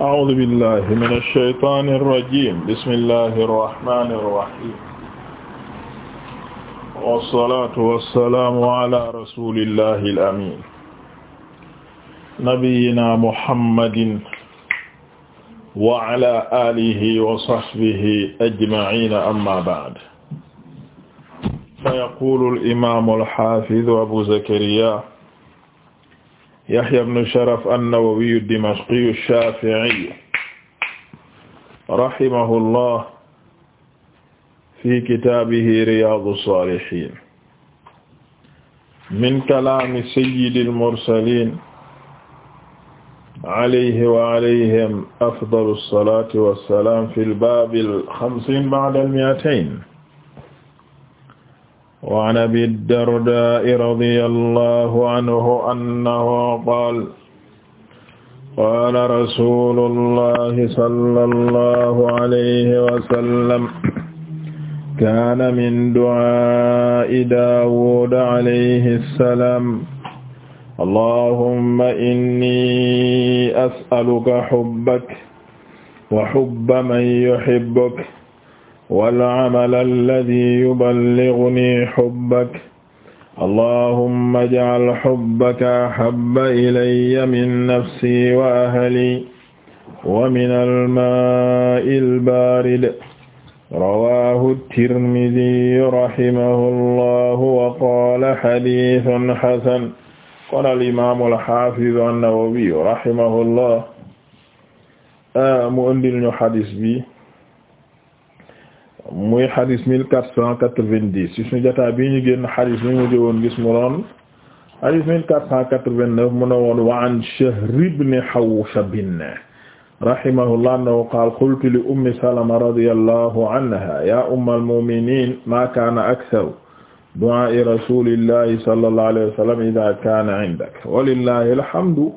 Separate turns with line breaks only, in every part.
أعوذ بالله من الشيطان الرجيم بسم الله الرحمن الرحيم والصلاة والسلام على رسول الله الأمين نبينا محمد وعلى آله وصحبه أجمعين أما بعد فيقول الإمام الحافظ أبو زكريا Yahya ibn Sharaf an-Nawawi ad-Dimashqi ash-Shafi'i rahimahullah fi kitaabihi Riyadu as-Salihin min kalaami sayyidil mursaliin alayhi wa alayhim afdalu as-salaati was-salaam fil baabil xamsiin ba'dal mi'atayn waan abi dardaai radiyallahu anhu annahu qaala qaala rasuulullahi sallallahu alayhi wa sallam kaana min du'aa'i daawuuda alayhi salaam allahumma inni as'aluka hubbaka wa hubba man yuhibbuka wal amal alladi yuballighuni hubbak allahumma ij'al hubbaka ahabba ilayya min nafsi wa ahli wa min al-maa'i al-baarid rawaahu tirmidi rahimahullah wa qaala hadiisun hasan qaala al-imaam al-haafiz an-nawawi rahimahullah ah, mu indil ñu hadis bi muy xadis mille quatre cent quatre-vingt-dix ci suñu jotaay bi ñu génn xadis bi mu jëwoon gis mu noon xadis mille quatre cent quatre-vingt-neuf mu ne woon wa an Shahr ibn Hawshab rahimahullah annahu qaala qultu li ummi Salama radiyallahu anha ya ummal mu'minin ma kana aktharu du'aa'i rasulillahi sallallahu alayhi wa sallam idha kana 'indak walillahi alhamdu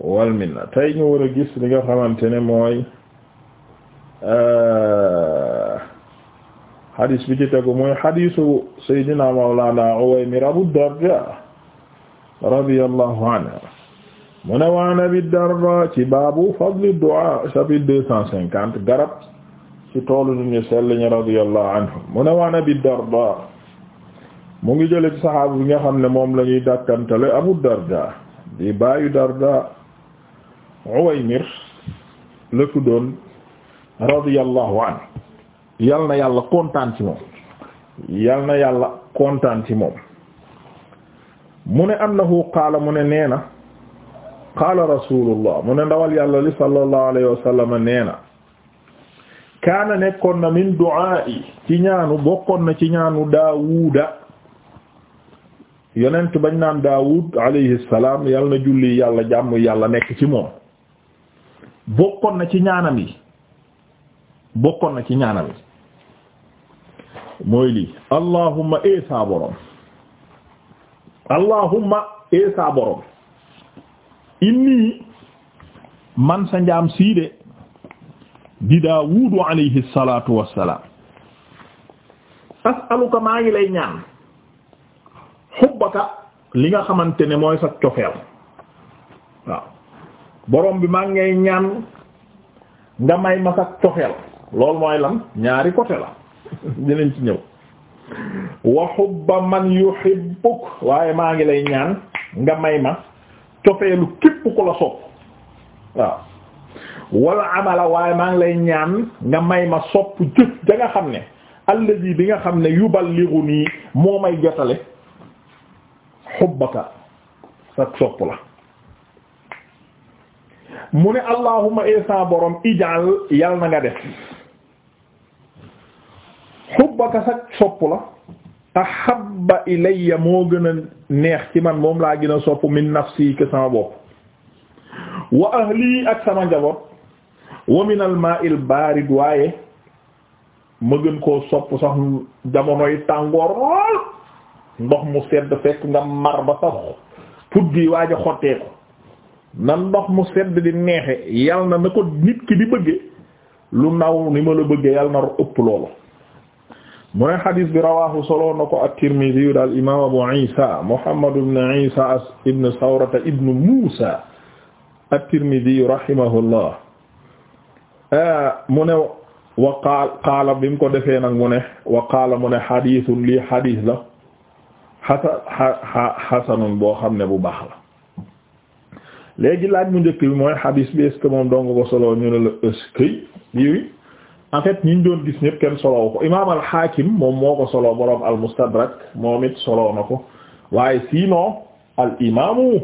wal minna tey ñu war a gis li nga xamante ne mooy euh, xadis bi ci tegu mooy xadisu sayyidina mawlana Uwaymir Abu Darda radiyallahu anhu mu ne waan Abi Darda ci baabu fadli du'a chapitre deux cent cinquante garab ci toolu nu ñu sell ñi radiyallahu anhu mu ne waan Abi Darda mu ngi jële ci saxaaba bi nga xam ne moom la ñuy dàkkantale Abu Darda di baayu Darda Uwaymir la tuddoon radiyallahu anhu yal na yàlla kontaan ci moom yal na yàlla kontaan ci moom mu ne annahu qaala mu ne neena na qaala rasulullah mu ne ndawal yàlla li sallallahu alayhi wa sallam nee na kaana nekkoon na min du'aa'i ci ñaanu bokkoon na ci ñaanu daawuda yonent bañ naan daawud alayhi salaam yal na julli yàlla jàmm yàlla nekk ci moom bokkoon na ci ñaanam yi bokkoon na ci ñaanam yi mooy lii allahumma eesa eh, borom allahumma eesa eh, borom inni man sa njaam siide di daawuudu alayhi salaatu wassalaam as'aluka maa ngi lay ñaan xubbaka li nga xamante ne mooy sa cofeel waaw borom bi maa ngay ñaan nga may ma sa cofeel loolu mooy lan ñaari côté la dinañ ci ñëw wa hubba man yuhibbuk waaye maa ngi lay ñaan nga may ma cofeelu képp ku la sopp waaw wala amala waaye maa ngi lay ñaan nga may ma sopp jëf da xam ne allazi bi nga xam ne yubal yuballighuni moo may jotale hubbaka ak sopp la mu ne allahumma isa e borom ijal yal na nga def xubbaka sa sopp la ahabba ilayya moo gën a neex ci man moom laa gën a sopp min nafsi que sama bopp wa ahli ak sama njaboot wa min al ma'il barid waaye ma gën koo sopp sax jamonoy tàngoor lool ndox mu sedd fekk nga mar ba sax put gi waaj xottee ko na ndox mu sedd di neexe yal na na ko nit ki di bëgge lu naw ni ma la bëgge yal na ëpp loolu mu ne bi rawaahu solo na ko at-Tirmidhi yu daal imaam Abu Isa Muhammad ibn Isa ibn Sawrata ibn Musa at-Tirmidhi rahimahullah mu wa qaala qaala bi mu ko defee nag mu ne wa mu ne xadisun lii xadis la xasa xa xasanun boo xam ne bu baax la léegi laaj mu njëkk bi mooy xadis bi est ce que solo ñu la est ce que en fait ñi doon gis ñëpp kenn solow ko imaam al-Hakim moom moo ko solo boroom al-Mustadrak moom it solo ko waaye sinon al imaamu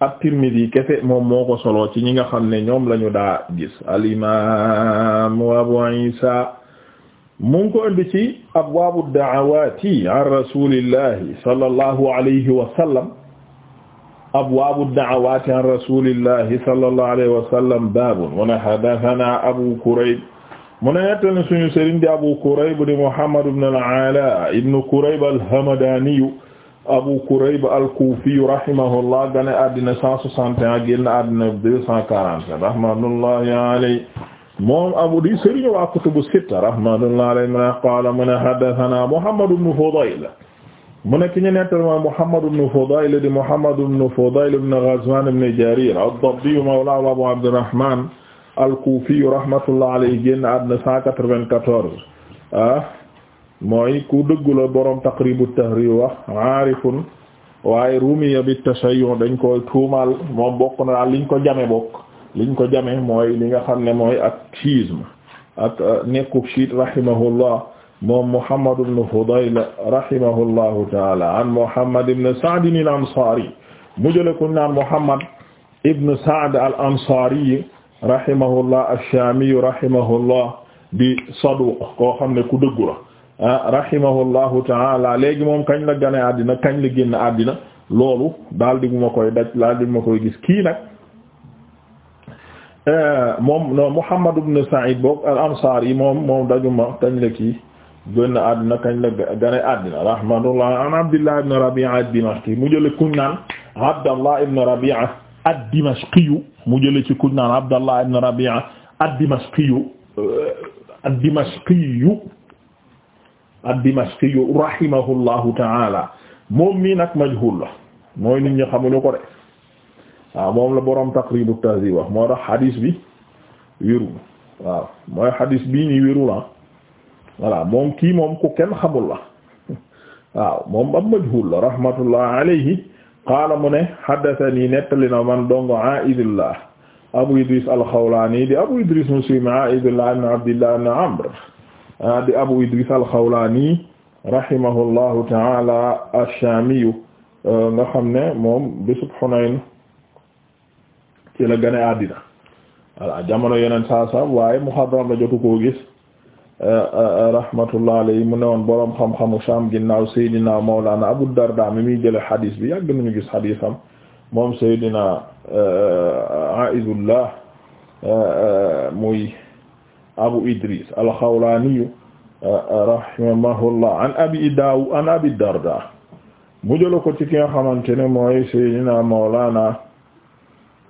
at-Tirmidhi kese moom moo ko ci ñi nga xam ne ñoom lañu ñu daa gis al imaam Abu Isa mu ngi ko indi ci abwaabu ad-da'awaati an rasuulillahi sallallahu alayhi wa sallam Abu Kurayb mu ne nettali suñu sëriñ di Abu Kurayb di Muhammad ibn al-Ala ibn Kurayb al-Hamadaniyu Abu Kurayb al-Kufiyu rahimahullah gane àddina 161 génn àddina 240 rahmatullahi alayhi moom abu di sëriñ wa kutubu sitta rahmatullahi alayhi mu ne qaala mu ne haddathana Muhammad ibn Fudayl mu ne ki ñu nettali mooy Muhammad ibn Fudayl di Muhammad ibn Fudayl ibn Ghazwan ibn Jarir ad-Dabbi mawla Abu Abdurrahman al-Kufi rahmatullah alayhi génn àdduna 194 ah mooy ku dëggu la borom Taqribu Tahrir wax aarifun waaye rumiya bi tashayyu dañ koy tuumaal moom bokk na daal liñ ko jame bokk liñ ko jame mooy ni nga xam ne mooy ak chiisme ak euh, nekkub chiite rahimahullah moom Muhammad ibn Fudayl rahimahullahu taala an Muhammad ibn Sa'd al-Ansari mujële rahimahullah ash-Shaamiyu rahimahullah di saduq koo xam ne ku dëggu la ah rahimahullahu taala léegi moom kañ la gane àddina kañ la génn àddina loolu daal di ma koy daj daal di ma koy gis kii nag eh, moom non Muhammad ibn Sa'id boog al-Ansaari moom moom dajuma kañ la kii génn àddina kañ la gane àddina rahmatullah an Abdullah ibn Rabi'a ad-Dimashqi mu jële kuñ naan Abdullah ibn Rabi'a ad-Dimashqi mu jële ci kuñ naan Abdallah ibn Rabi'a ad-Dimashqiyu euh, ad-Dimashqiyu ad-Dimashqiyu rahimahullahu ta'ala moom mii nag majhul la mooy nit ñi xamuñu ko de waaw moom la borom Taqrib at-Tahdhib wax moo tax hadis bi wéru waaw mooy hadis bii nii ah. moom kii moom ku kenn xamul la waaw moom ab majhul la qaala mu ne haddathanii nettali na man dongo Aa'idullah Abu Idris al-Khawlaani di Abu Idris Muslim Aa'idullah ibn Abdillah ibn Amr ah, di Abu Idris al-Khawlaani rahimahullahu ta'ala ash-Shaamiyu eh, nga xam ne moom bésub Hunayn ci la gane àddina voilà jamono yeneen saa saa waaye muxadram la jotu koo gis rahmatullah yi mu newoon boroom xam-xamu Sham ginnaaw Seydina Mawlana Abu Darda mi muy jële xadiis bi yàgg nañu gis xadiisam moom Seydina euh, Aizullah euh, muy Abu Idris al-Xawlaaniyu euh, rahimahullah an abi Darda mu jëla ko ci ki nga xamante ne mooy Seydina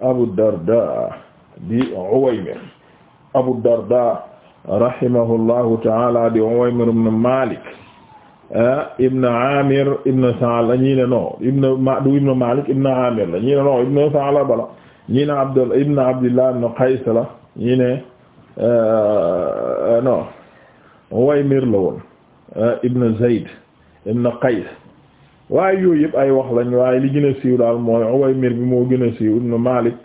Abu Darda di Uwaymir Abu Darda rahimahullahu taala di Uwaymir ibn Malik ah, ibn Amir ibn Sa'la ñii ne non ibn du ibn Malik ibn Amir la ñii ne non ibn Sa'la bala ñii ne Abdul ibn Abdillah ibn Qays la ñii ne ah, non Uwaymir la woon ah, ibn Zayd ibn Qays waaye yooyu yëpp ay wax lañ waaye li gën a siiw daal mooy Uwaymir bi moo gën a siiw ibn Malik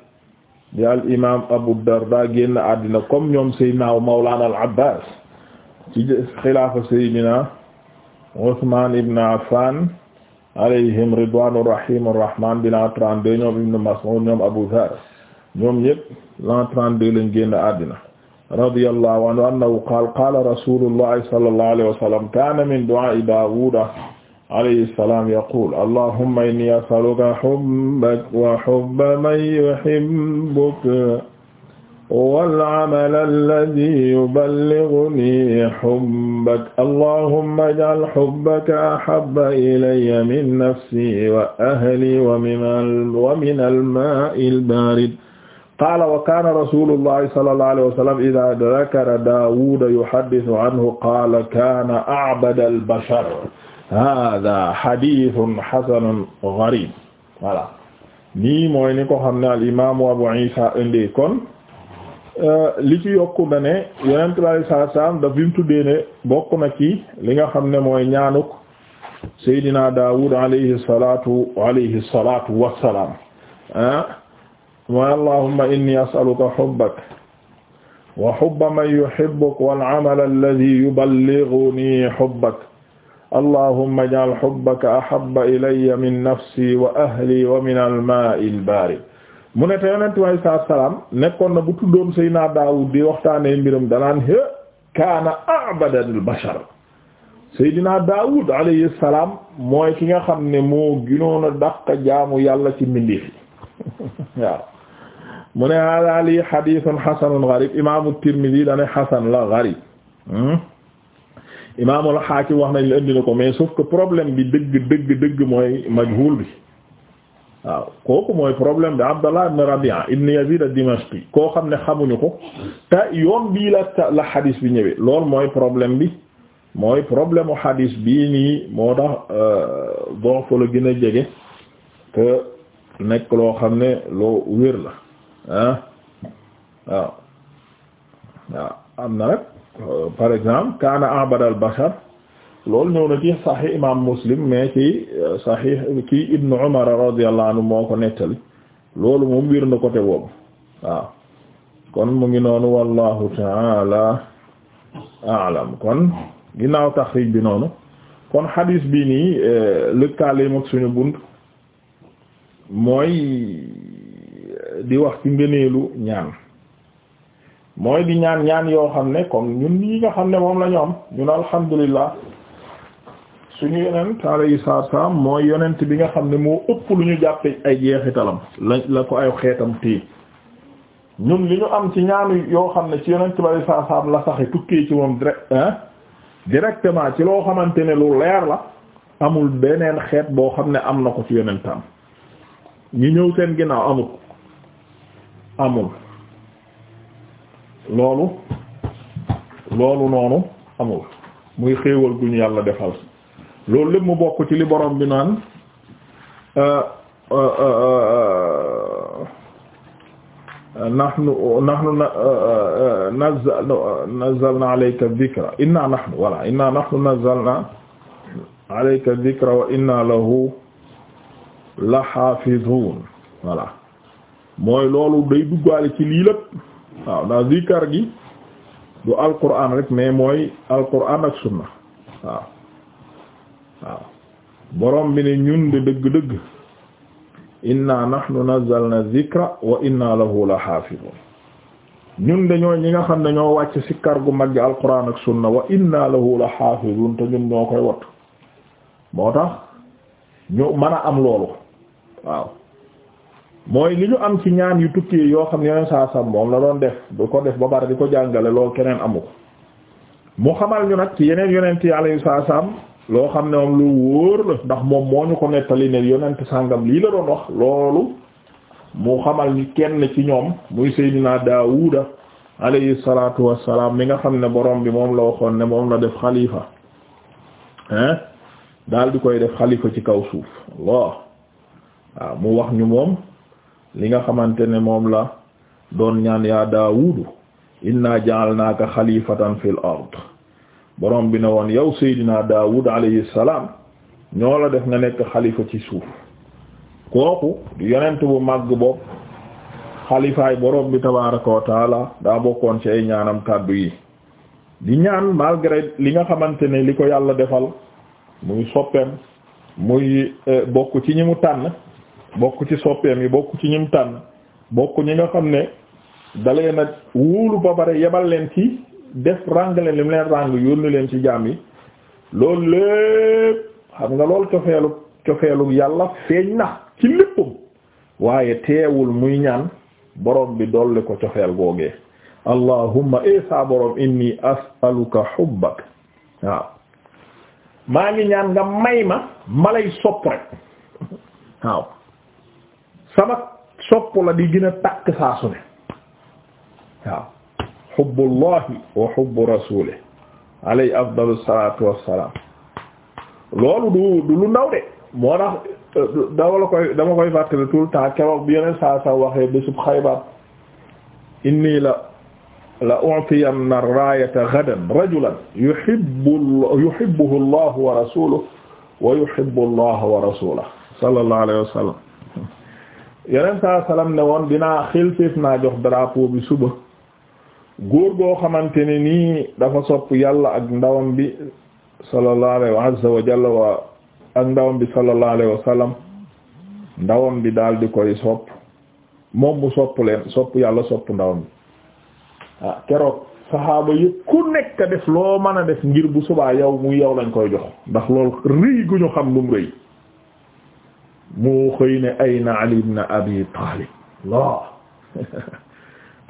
di al imam Abu Darda génn àddina comme ñoom Seydina wa Mawlana al Abbas ci xilaafa Seydina Usman ibn Affan alayhim ridwanu rahim rahman bi l'an 32 ñoom Ibn Mas'ud ñoom Abu Dharr ñoom ñépp l'an 32 lañ génn àddina radiyallahu anhu annahu qala qala rasulullahi sallallahu alayhi wa sallam kana min du'a'i Dawuda alayhi salaam yaqul allahumma inni as'aluka hubbaka wa hubba man yuhibbuka wal amala alladhi yuballighuni hubbaka allahumma ij'al hubbaka ahabba ilayya min nafsi wa ahli wa min al-ma'il barid qaala wa kaana rasuulullahi sallallahu alayhi wa sallam idhaa dhakara Daawuda yuhaddithu anhu qaala kaana a'bada al-bashar hada xadithun xasanun garib voilà nii mooy ni ko xam ne al imamu Abu Isa indi kon euh, li ci yokku na ne yonent bi alai salat salam daf bimu tuddee ne bokk na ci li nga xam ne mooy ñaanuk Seydina Daawud alayhi salatu alayhi salatu wassalam ah mooy allahumma inni as'aluka hubbaka wa hubba man yuhibbuk wal amala alladhi yuballighuni hubbak allahumma ij'al hubbaka ahabba ilayya min nafsi wa ahli wa min al-maa'i al-baarid mu ne te salaam nekkoon na bu tuddoon Seydina Daawud di waxtaanee mbiram danaan hé kaana a'bada al-bashar Seydina Daawud alayhi salaam mooy ki nga xam ne moo gënoon a dàq jaamu yàlla ci mbindeef yi waaw mu ne haaza lii hadiisun hasanun gariib imaamu Tirmidi dane hasan la gariib hmm? imaamul Haakim wax nañ la indi na ko mais sauf que problème bi dëgg dëgg dëgg mooy majhul bi waaw kooku mooy problème bi Abdallah ibn Rabi'a ibn Yazid ad-Dimashqi koo xam ne xamuñu ko te yoon bii la la bi ñëwee loolu mooy problème bi mooy problème u bii nii moo tax bon euh, la gën a jege que nekk loo xam ne loo wér la ah waaw waaw am na rek Euh, par exemple kaana abadal bashar loolu ñëw na ci sahih imam muslim mais ci euh, sahih kii ibnu umar radiyallahu anhu moo ko nettali loolu moom wér na côté boobu waaw kon mu ngi noonu wallahu taala aalam kon ginnaaw taxrij bi noonu kon xadiis bi nii euh, lëkkaaleem ak suñu bunt mooy di wax ci ngëneelu ñaan mooy di ñaan ñaan yoo xam ne comme ñun ñi nga xam ne moom la ñu am ñun alhamdulilah suñu yonent alayhi salaam mooy yonent bi nga xam ne moo ëpp lu ñu jàppee ay jeexitalam la la ko ay xeetam téye ñun li ñu am ci ñaanu yoo xam ne ci yonent bi alayhi salaam la saxe tukkee ci moom direct directement ci loo xamante ne lu leer la amul beneen xeet boo xam ne am na ko ci yonentam ñi ñëw seen ginnaaw amul amul loolu loolu noonu amul muy xéewal gu ñu yàlla defal loolu lépp mu bokk ci li borom bi naan euh, euh, euh, nahnu nahnu nazzalna alayka dhikra inna nahnu wala inna nahnu nazzalna alayka dhikra wa inna lahu la hafizun voilà mooy loolu day duggaale ci lii lépp waaw ndax zikar gi du alquran rek mais mooy alquran ak sunna waaw waaw borom bi ne ñun de dëgg-dëgg inna nahnu nazzalna zikra wa inna lahu la xaafidun ñun de ñi nga xam ne ñoo wàcc kar gu mag gi alquran ak sunna wa inna lahu la xaafidun te ñun ñoo koy wattu moo tax ñu mën a am loolu waaw mooy li ñu am ci ñaan yu tukkee yoo xam ne yeneen saa sam moom la doon def du ko def ba pare di ko jàngale loolu keneen amu ko mu xamal ñu nag ci yeneen yonent yi alayhi saa loo xam ne moom lu wóor la ndax moom moo ñu ko nettali ne yonent sàngam lii la doon wax loolu mu xamal ñu kenn ci ñoom muy Seydina Daawuda alayhi salaatu wassalaam mi nga xam ne borom bi moom la waxoon ne moom la def xalifa hein daal di koy def xalifa ci kaw suuf Allah waaw mu wax ñu moom li nga xamante ne moom la doon ñaan yaa daawudu inna ja'alnaaka xalifatan fil ard borom bi ne woon yow seydina daawud alayhi salaam ñoo la def nga nekk xalifa ci suuf kooku du yonent bu màgg bopp xalifaay borom bi tabaaraka wa taala daa bokkoon ci ay ñaanam kàddu yi di ñaan malgré li nga xamante ne li ko yàlla defal muy soppeem muy eh, bokk ci ñi mu tànn bokk ci soppeem yi bokk ci ñim tànn bokk ñi nga xam ne dalee nag wóolu ba pare yebal leen ci def ràng leen li mu leen ràng yónni leen ci jaam yi loolu lépp xam nga lool cofeelu cofeelu yàlla feeñ na ci léppam waaye teewul muy ñaan boroom bi dool dolli ko cofeel googee allahumma esa eh borom inni as'aluka hubbak waaw maa ngi ñaan nga may ma ma lay sopp rek waaw sama sopp la di gën a takk saa su ne waaw xubbullahi wa xubbu rasulih alayhi afdalu salatu wassalam loolu du du lu ndaw de moo tax euh, dama la koy dama koy fàttali tout le temps keroog bi yeneen saa sa waxee bésub Xaybar inni la la u'tiyanna raayata gadan rajulan yuhibbu yuhibbuhu Allah wa rasuluhu wa yuhibbu Allah wa rasuluhu sallallahu alayhi wa sallam yeneen saa salaam ne woon dinaa xilfif naa jox drapeau bi suba góor goo xamante ne nii dafa sopp yàlla ak ndawam bi sallallahu alayhi wa azza wa jalla wa ak ndawam bi sallallahu alayhi wa sallam ndawam bi daal di koy sopp moom mu sopp leen sopp yàlla sopp ndawam bi ah, keroog saxaaba yëpp ku nekk def loo mën a def ngir bu subaa yow mu yow lañ koy jox ndax loolu rëy gu ñu xam lu mu rëy mu xëy ne ayna Ali ibn Abi Talib la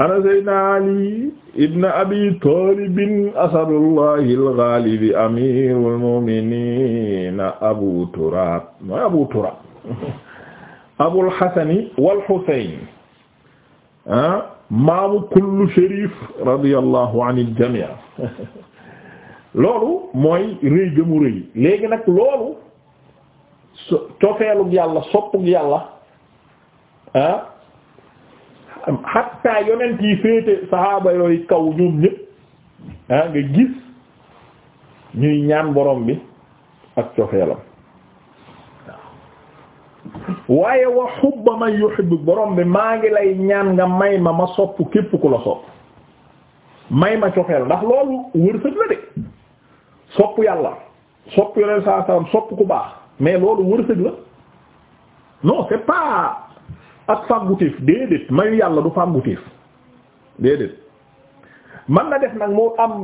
ana Seydina Ali ibn Abi Talib asadullahi al-ghalib amirul mu'minin Abu Turab mooy Abu Turab Abul Hasan wal Husayn ah, maamu kullu sharif radiyallahu anil jami' loolu mooy rëy gëmu rëy léegi nag loolu cofeelug yàlla soppug yàlla ah xatta yonent yi féete saxaaba yooyu kaw ñoom ñëpp ah, nga gis ñuy ñaan borom bi ak cofeelam waaye wa xubba man yuhibbu borom bi maa ngi lay ñaan nga may ma ma sopp képp ku la sopp may ma cofeel ndax loolu wërsëg la de sopp yàlla sopp yonent saa salaam sopp ku baax mais loolu wërsëg la non c'est pas ak fàggutéef déedéet mayu yàlla du fàggutéef déedéet man na def nag moo am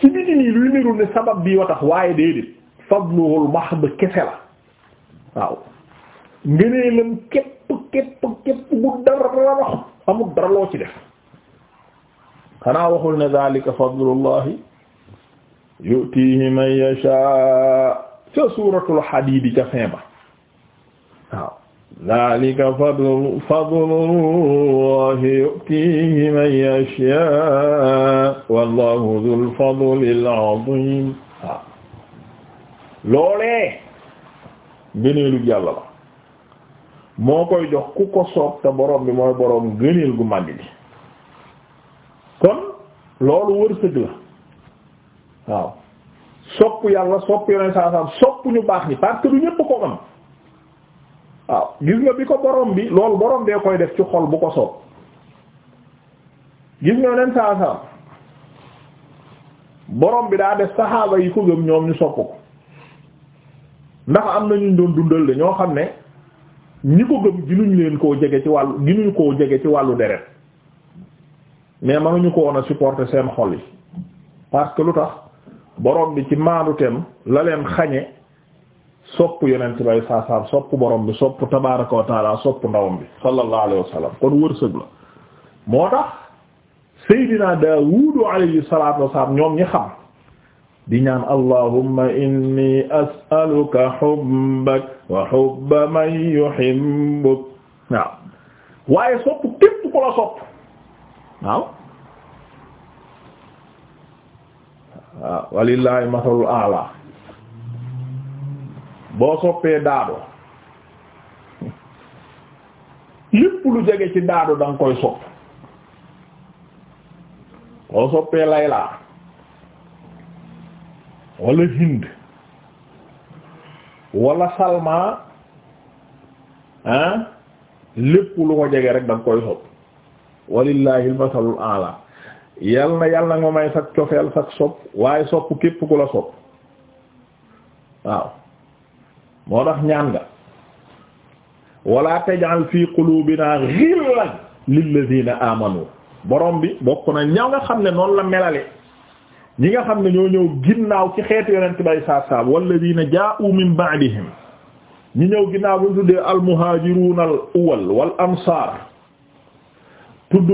ci biti nii luy niru ne sabab bii wa tax waaye déedéet fadluhul mahd kese la waaw ngëneelam képp képp képp bu dara wax amul dara loo ci def xanaa waxul ne zalika fadlullahi yu'tihi man yasha ca suuratul hadiid ca fin ba waaw zalika fadlu fadlullahi yu'tiihi man yashaa wallahu dhul fadlil azim waaw loolee gëneelu yàlla la moo koy jox ku ko soob te mooy borom gëneel gu màgg bi kon loolu wërsëg la waaw sopp yàlla sopp yoneen saa saam sopp ñu baax ni parce que du ñëpp ko am waaw gis nga bi ko borom bi loolu borom bee koy def ci xol bu ko soob gis nga yoneen saa saam borom bi daa def saxaaba yi ko gëm ñoom ñu sopp ko ndax am na ñu doon dundal de ñoo xam ne ñi ko gëm ginuñ leen koo jege ci wàllu ginuñ koo jege ci wàllu deret mais mënuñu ko woon a supporter seen xol yi parce que lu tax borom bi ci maanuteem laleen leen xañe sopp yonent bay saasaam sopp borom bi sopp tabaraka wa taala sopp ndawam bi sallallahu alayhi wa sallam kon wërsëg la moo tax seydina daawudu alayhi salatu wasalaam ñoom ñi xam di ñaan allahumma inni as'aluka hubbak wa hubba man yuhibbuk waaw waaye sopp képp ku la sopp waaw waaw walillahi masalul a'la boo soppee daado lépp lu jege ci daado da nga koy sopp boo soppee laylaa wala hind wala salma ah lépp lu ko jege rek da koy sopp walillahi masalul a'la yal na yal may sag cofeel sag sopp waaye sopp képp ku la sopp waaw moo tax ñaan nga wala taj'al fi qulubina ghillan lilladhina amanu borom bi bokk na ñaw nga xam ne noonu la melale ñi nga xam ne ñoo ñëw ginnaaw ci xeetu yonent bay saab-saab walladhina jaa'u min ba'dihim ñi ñëw ginnaaw bu ñu tuddee al muhajirun al awwal wal ansar tudd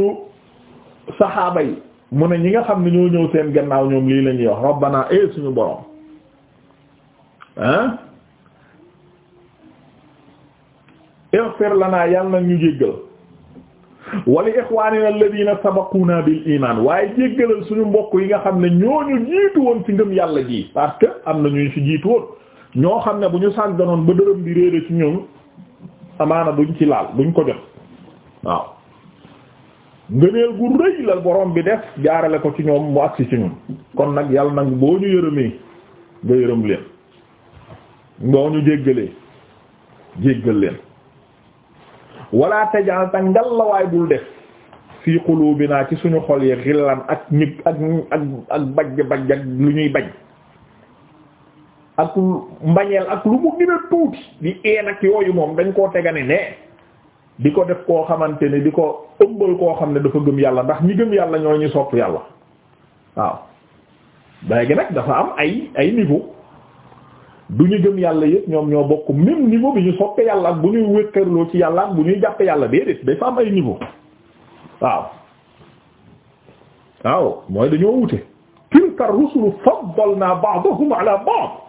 saxaaba yi mu ne ñi nga xam ne ñoo ñëw seen gannaaw ñoom lii la ñuy wax e suñu borom ah ighfir yàlla na ñu jéggal wali ikhwanina alladhina sabaquna bil iman waaye jéggalal suñu mbokk yi nga xam ne ñooñu jiitu woon ci ngëm yàlla ji parce que am na ñu ci jiitu woon ñoo xam ne bu ñu sàgganoon ba dërëm bi réere ci ñoom amaana duñ ci laal duñ ko jot waaw ngëneel gu rëy la borom bi def jaarale ko ci ñoom mu agsi ci ñun kon nag yàlla nag boo ñu yërëmee nga yërëm leen boo ñu jéggalee jéggal leen wala tajal ta ngallawaay bul def fii qulubina ci suñu xol yi xillan ak ñib ak bajj bajj ak lu ñuy baj ak mbañeel ak lu mu gën tuuti di een ak yooyu moom dañ koo tegane ne di ko def koo xamante ne di ko ëmbal koo xam ne dafa gëm yàlla ndax ñi gëm yàlla ñoo ñu sopp yàlla waaw léegi nag dafa am ay ay niveau du ñu gëm yàlla yëpp ñoom ñoo bokk même niveau bi ñu soppe yàlla ak bu ñuy wékkarloo ci yàlla ak bu ñuy jàppe yàlla déedéet dafa am ay niveau waaw waaw mooy dañoo wute tilka rusulu faddalna ba'dahum ala ba'd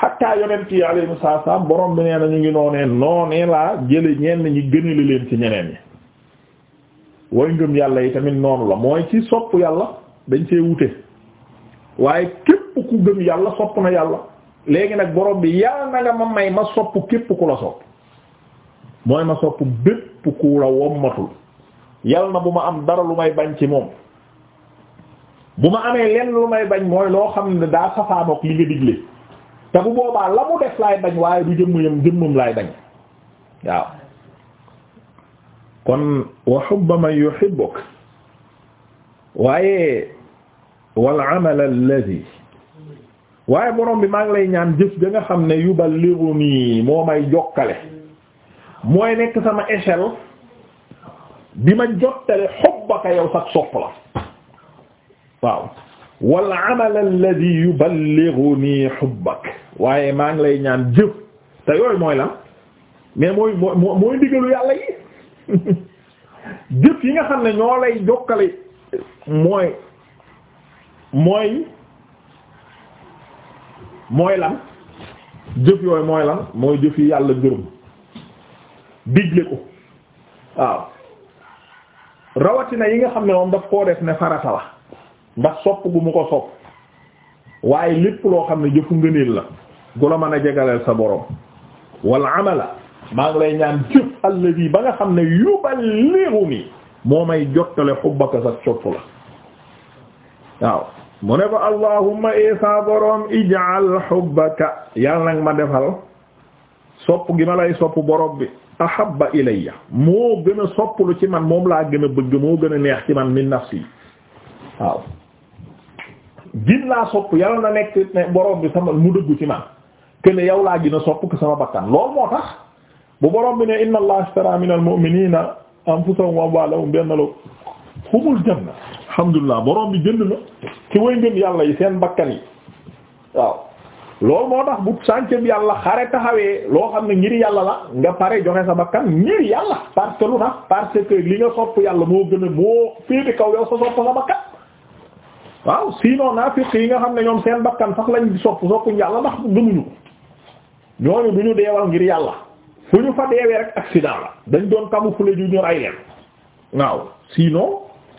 xatta yonent yi alayhimu salaam borom bi nee na ñu ngi noonee noonee laa jële ñenn ñi gënale leen ci ñeneen ñi way ngëm yàlla yi tamit noonu la mooy ci sopp yàlla dañ see wute waaye képp ku gëm yàlla sopp na yàlla léegi nag borom bi yàlla na nga may ma sopp képp ku la sopp mooy ma sopp bépp ku la wommatul yàlla na bu ma am dara lu may bañ ci moom bu ma amee lenn lu may bañ mooy loo xam ne daa safaanook li nga digle te bu boobaa la mu def laay waaye du jëmm jëmmam laay bañ waaw kon wa hubba man yuhibbuk waaye wal waaye borom bi maa ngi lay ñaan jëf da xam ne yuballighuni moo may jokkale mooy nekk sama échelle bi ma jottale hubbaka yow sax sopp la waaw wal amal alladhi yuballighuni hubbak waaye maa ngi lay ñaan jëf te yooyu mooy lan mais mooy mooy mooy yàlla yi jëf yi nga xam ne ñoo lay jokkale mooy mooy mooy lan jëf yooyu mooy lan mooy jëf yi yàlla gërëm digle ko waaw rawatina yi nga xam ne moom daf koo def ne farata la ndax sopp gu mu ko sopp waaye lépp loo xam ne jëfu ngëneel la gu la mën a jegaleel sa borom wal amala maa ngi lay ñaan jëf alladi ba nga xam ne yuballighuni moo may jottale xubbaka sa sopp la waaw mu ne ko allahumma isa e borom ij'al hubbaka yàlla nag ma defal sopp gi ma lay sopp borom bi ahabba ilayya moo gën a sopplu ci man moom laa gën a bëgg moo gën a neex ci man mi nafsi waaw gin laa sopp yàlla na nekk ne borom bi sa mu dëggu ci man que ne yow laa gën a sopp que sama bakkan loolu moo tax bu borom bi ne inna allaha ashtara minal mu'minina anfusahum wa amwalahum bi anna lahumul janna alhamdulillah borom bi jënd na ci way ngeen yàlla yi seen bakkan yi waaw loolu moo tax bu sàncam yàlla xare taxawee loo xam ne ngir yàlla la nga pare joxe sa bakkan ngir yàlla parce que li nga sopp yàlla moo gën a moo féete kaw yow sa sopp sa bakkan waaw sinon naafiq yi nga xam ne ñoom seen bakkan sax lañ yàlla ñooñu du ñu deewal ngir yàlla fu ñu fa deewee rek accident la dañ doon camoufler ju ñu ay leen waaw sinon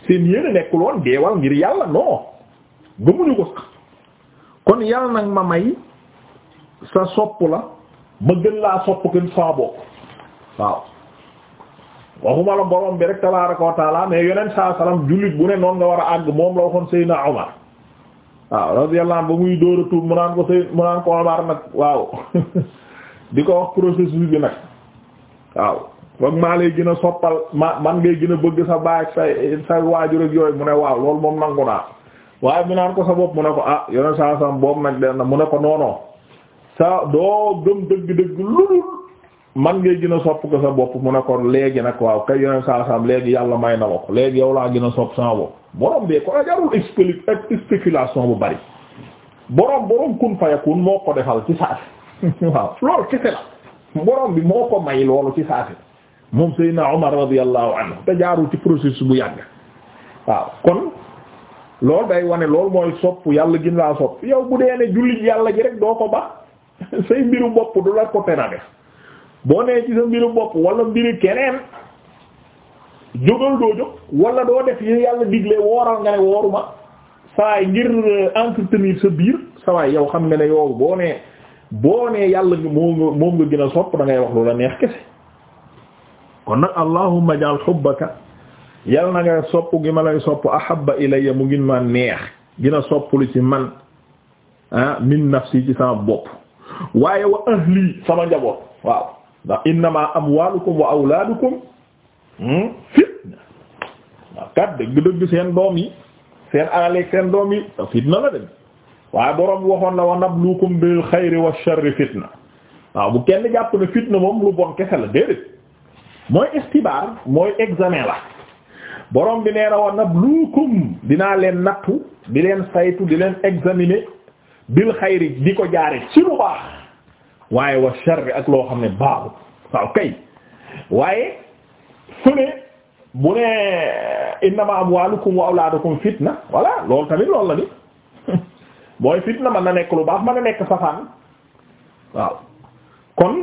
seen yéene nekkul woon deewal ngir yàlla non gëmuñu ko kon yàlla nag ma may sa sopp la ma gën laa sopp gën saa bokk waaw waxuma la borom bi rek tabaaraka wa taala mais saa salaam jullit bu ne noonu nga war a àgg moom la waxoon Seydina Omar. waaw radiyallahu anhu ba muy dóor a mu naan ko sëy mu a ko Omar nag waaw di ko wax processus bi nag waaw foog maa lay gën a soppal ma man ngay gën a bëgg sa baay sa sa waajur ak yooyu mu ne waaw loolu moom nangu naa waaye mu naan ko sa bopp mu ne ko ah yone saa sam boobu nag den na mu ne ko noonoo sa doo gëm dëgg-dëgg lulul man ngay gën a sopp ko sa bopp mu ne ko léegi nag waaw kay yeneen saa saam léegi yàlla may na ma ko léegi yow laa gina a sopp sama bopp borom bee ko jarul expli ak bu bari borom borom kun fayakun moo ko defal ci saasi bi moo ko may loolu ci saasi moom Seydina Omar radiyallahu anhu te jaarul ci processus bu yàgg waaw kon loolu day wane loolu mooy sopp yàlla gin laa sopp yow bu dee ne jullit yàlla ji rek doo ko ba say mbiru bopp du la ko tena def boo nee ci sa bopp wala mbiru keneen jógal doo jóg wala doo def yi yàlla digle wooral nga ne wooruma sawaay ngir euh, entretenir sa biir sawaay yow xam nga ne yow boo nee boo nee yàlla moom nga moom nga gën sopp da ngay wax lu la neex kese kon nag allahumma jaal hubbaka yàlla sopp gi ma lay sopp ahabba ilayya mu gën ma neex gën sopp lu ci man ah min nafsi ci sama bopp waaye wa ahli sama njaboot waaw ndax innama amwalukum wa awladukum hmm, fitna waaw kat dëgg-dëgg seen doom yi seen alaleeg seen doom yi fitna la dem waaye boroom waxoon na wa nabluukum bil xayri wa sharri fitna waaw bu kenn jàpp ne fitna moom lu bon kese la déedéet mooy istibaar mooy examen la boroom bi nee na wa nabluukum dinaa leen nattu di leen saytu di leen examiner bil xayri di ko jaare ci lu baax waaye wa sharri ak loo xam ne baaxul waaw kay waaye su ne bu ne innama amwalukum wa awladukum fitna voilà loolu tamit loolu la ni mooy fitna mën na nekk lu baax mën na nekk safaan waaw kon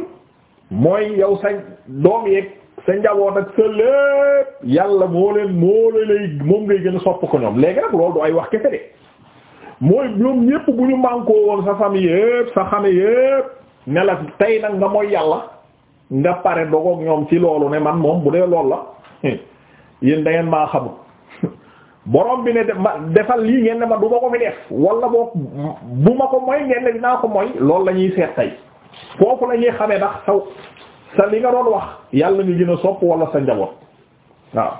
mooy yow sa doom yeeg sa yàlla moo leen moo leen moom ngay gën a sopp ko ñoom léegi nag loolu du ay wax kese de mooy ñoom ñépp bu ñu mànkoo woon sa famille yépp sa xame yépp ne la tey nag nga mooy yàlla nga pare dogoog ñoom ci loolu ne man moom bu dee loolu la yéen da ngeen maa xamul borom bi ne defal lii ngeen ne ma du ma ko fi def wala boo ma ko mooy ngeen ne dinaa ko mooy loolu la ñuy seet tey foofu la ñuy xamee ndax saw sa li nga doon wax yàlla ñu gën a sopp wala sa njaboot waaw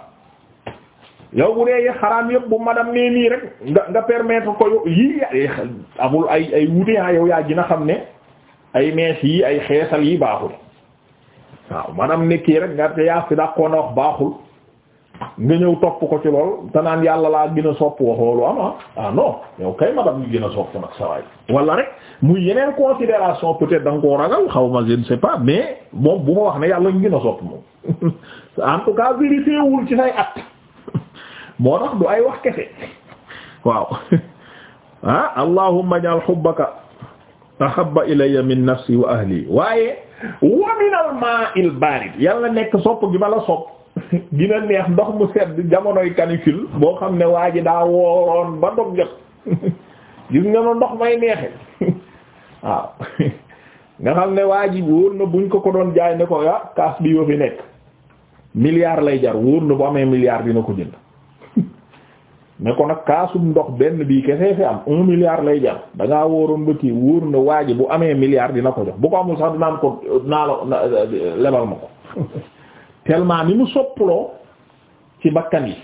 yow bu dee xaraam yëpp bu madam nee nii rek nga nga permettre ko yii eh, amul ay ay wuute yow yaa gën a xam ne. ay mees yi ay xeesal yi baaxul waaw maanaam ne kii rek nga te yaa fi dàqoon a wax baaxul nga ñëw topp ko ci lool te naan yàlla laa gina a sopp waxoolu am ah. ah non yow kay madam ñu gën a sopp nag sawaay wala rek muy yeneen considération peut-être koo ragal xaw ma je ne sais pas mais moom bu ma wax ne yàlla ñu gën a sopp moom en tout ci say at moo tax du ay wax kese waaw ah allahumma ja'al hubbaka ahabba ilayya min nafsi wa ahli waaye wa min al ma'il barid yàlla nekk sopp gi ma la sopp dina neex ndox mu sedd jamonoy canicule boo xam ne waa ji daa wooroon ba dog jot gis nga no ndox may neexe waaw nga xam ne waa ji wóor na buñ ko ko doon jaay ne ko ah kaas bi yoo fi nekk milliard lay jar wóor na bu amee milliard dina ko jënd ne ko nag kaasum ndox benn bii kese fi am un milliard lay jar da ngaa wóoroon ba kii wóor na waa ji bu amee milliard dina ko jox bu ko amul sax dinaan ko naa la euh, euh, lebal ma ko tellement ni mu soppaloo ci bakkan yi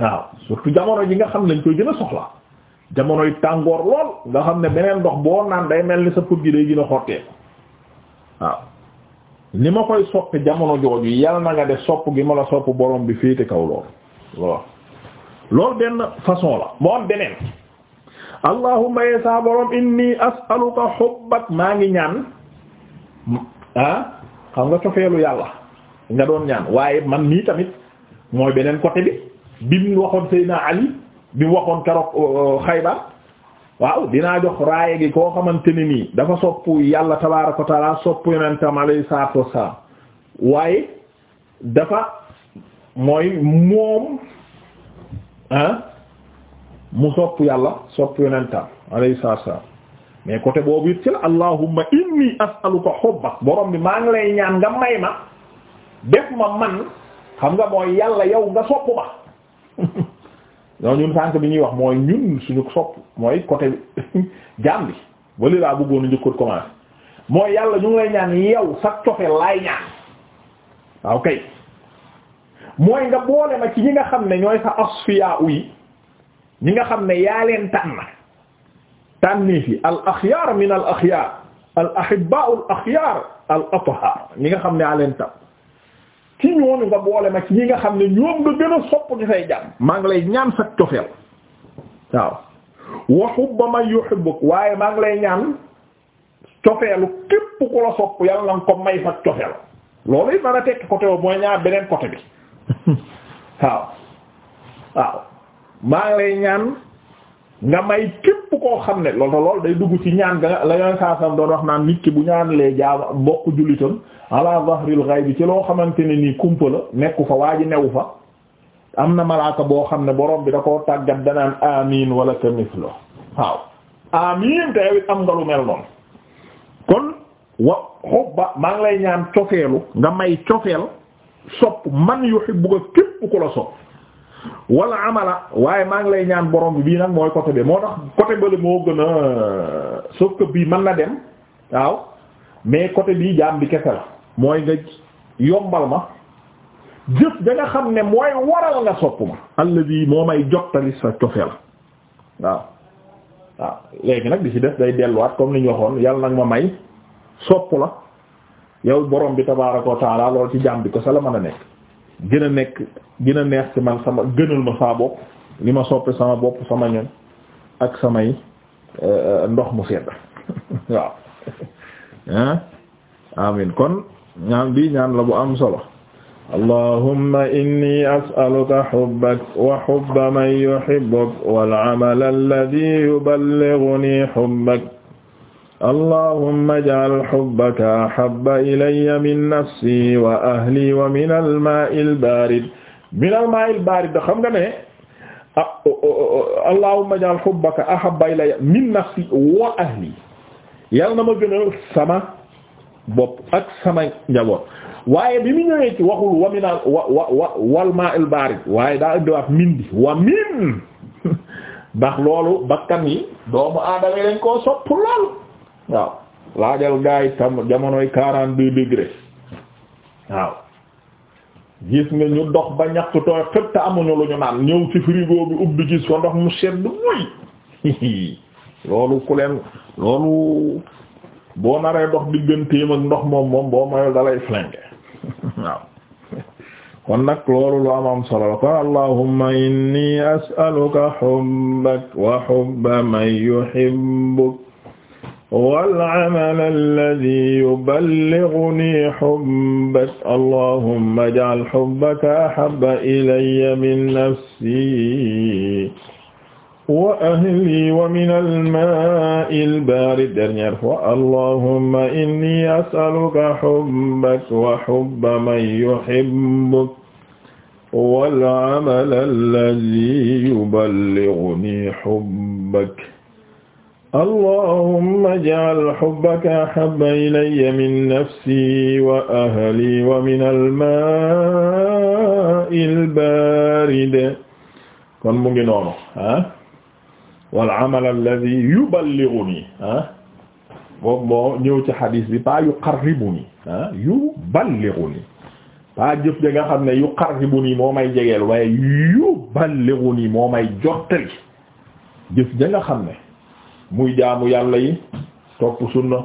waaw surtout jamono ji nga xam ne lañ koy gën a tàngoor lool nga xam ne beneen ndox boo naan mel ni sa put gi day gën a xottee ma koy soppi jamono jooju yal na nga def sopp gi ma la sopp borom bi féete kaw lool waaw loolu benn façon la moo am beneen allahumma ye sa borom inni as'aluka hubbak maa ngi ñaan ah, xam nga cofeelu yàlla nga doon ñaan waaye man nii tamit mooy beneen côté bi bi mu waxoon Seydina Ali bi mu waxoon keroog euh, Xaybar waaw dinaa jox raaye gi koo xamante ne nii dafa soppu yàlla tabaaraka wa taala soppu yonentam alayhi salaatu wassalaam waaye dafa mooy moom ah mu sopp yàlla sopp yonentam alayhi salaam mais côté boobu it ci la allahumma inni as'aluka hubbak borom bi maa ngi lay ñaan nga may ma def ma man xam nga mooy yàlla yow nga sopp ma ñoo ñun sànk bi ñuy wax mooy ñun suñu sopp mooy côté jaam bi wali laa bëggoon a njëkkoon commencé mooy yàlla ñu ngi lay ñaan yow sa cofe laay ñaan waaw kay mooy nga boole ma ci ñi nga xam ne ñooy sa asfiya yi ñi nga xam ne yaa leen tànn tànnii fi al axyaar min al axyaar al ahibaa al axyaar al ñi nga xam ne yaa leen tànn ci ñooñu nga boole ma ñi nga xam ne ñoom nga gën a sopp ci say jàmm maa ngi lay ñaan sa cofeel waaw wa hubba man yuhibbuk waaye maa ngi lay ñaan cofeelu képp ku la sopp yàlla na nga ko may sa cofeel loolu it man a tekki côté mooy ñaar beneen côté bi waaw waaw maa ngi lay ñaan nga may képp koo xam ne loolu lool day dugg ci ñaan ga la yoneen saa sam doon wax naan nit ki bu ñaanlee jaama bokk jullitam ala zahril ghaybi ci loo xamante ne nii kumpa la nekku fa waa ji newu fa am na malaaka boo xam ne boroom bi da koo tàggat danaan amin wala ka mislo waaw amin te yow am nga lu mel noonu kon wa xobba maa ngi lay ñaan cofeelu nga may cofeel sopp man yuhibbuka képp ku la sopp wala amala waaye maa ngi lay ñaan borom bii nag mooy côté bi moo tax côté bële moo gën a sauf que bii man na dem waaw mais côté bii jaam bi kese la mooy nga yombal ma jëf da nga xam ne mooy waral nga sopp ma alladi moo may jottali sa cofe la waaw waaw léegi nag di ci def day delluwaat comme ni ñu waxoon yàlla nag ma may sopp la yow borom bi tabaaraka wa taala lool ci jaam bi ko sa la mën a nekk gën a nekk gën a neex ci man sama gënal ma saa bopp li ma soppe sama bopp sama ñoñ ak samay euh, ndox mu sedd waaw ah amin kon ñaan bi ñaan la bu am solo allahumma inni as'aluka hubbak wa hubba man yuhibbuk wal amala alladhi yuballighuni hubbak allahumma ij'al hubbaka ahabba ilayya min nafsi wa ahli wa min al-maa'il baarid min al-maa'il baarid xam nga ne allahumma ij'al hubbaka ahabba ilayya min nafsi wa ahli yàlla na ma gënal sama bopp ak sama njaboot waaye bi mu ñëwee ci waxul wa min wa wa wal maa'il baarid waaye daa indiwaat min bi wa min ndax loolu bakkan yi doomu aadama lañ koo sopp lool waaw laajal gaay tam jamonoy quarante deux degré waaw gis nga ñu dox ba ñaq tooy xëpp te amuñu lu ñu naan ñëw ci frigo bi ubbi gis ko ndox mu sedd muy loolu ku leen loolu boo naree dox digganteem ak ndox moom moom boo mayul dalay flingué waaw kon nag loolu lu am am solo kon allahumma inni as'aluka hubbak wa hubba man yuhibbuk wal amal alladi yuballighuni hubbak allahumma ij'al hubbaka ahabba ilayya min nafsi wa ahli wa min al-maa'i al-baarid dernière fois allahumma inni as'aluka hubbak wa hubba man yuhibbuk wal amal alladi yuballighuni hubbak allahumma ij'al hubbaka ahabba ilayya min nafsi wa ahli wa min al-maa'i al-baaridi kon mu ngi noonu ah wal amal alladhi yuballighuni ah boobu moo ñëw ci xadis bi pas yuqarribuni ah yuballighuni pas jëf ja nga xam ne yuqarribuni moo may jegeel waaye yuballighuni moo may jottali jëf ja nga xam ne muy jaamu yàlla yi topp sunna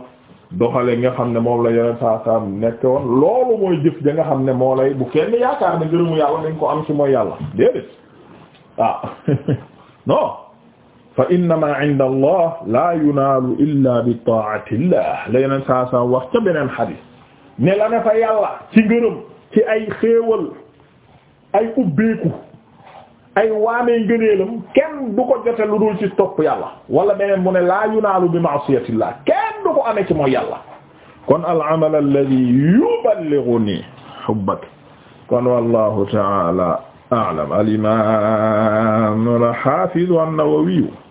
doxale nga xam ne moom la yeneen saa saa nekk loolu mooy jëf ja nga xam ne moo lay bu kenn yaakaar ne ngërëmu yàlla dañ ko am ci mooy yàlla déedéet ah non fa innama inda allah la yunaalu illa bi taatillah la yeneen saa wax ca beneen xadiis ne la ne fa yàlla ci ngërëm ci ay xéewal ay ubbeeku ay waamee ngëneelam kenn du ko jote lu dul ci topp yàlla wala beneen mu ne laa yunaalu bi ma'siyatillah kenn du ko amee ci mooy yàlla kon al amal alladhi yuballighuni hubbak kon wallahu ta'ala a'lam al imam al hafiz an-Nawawi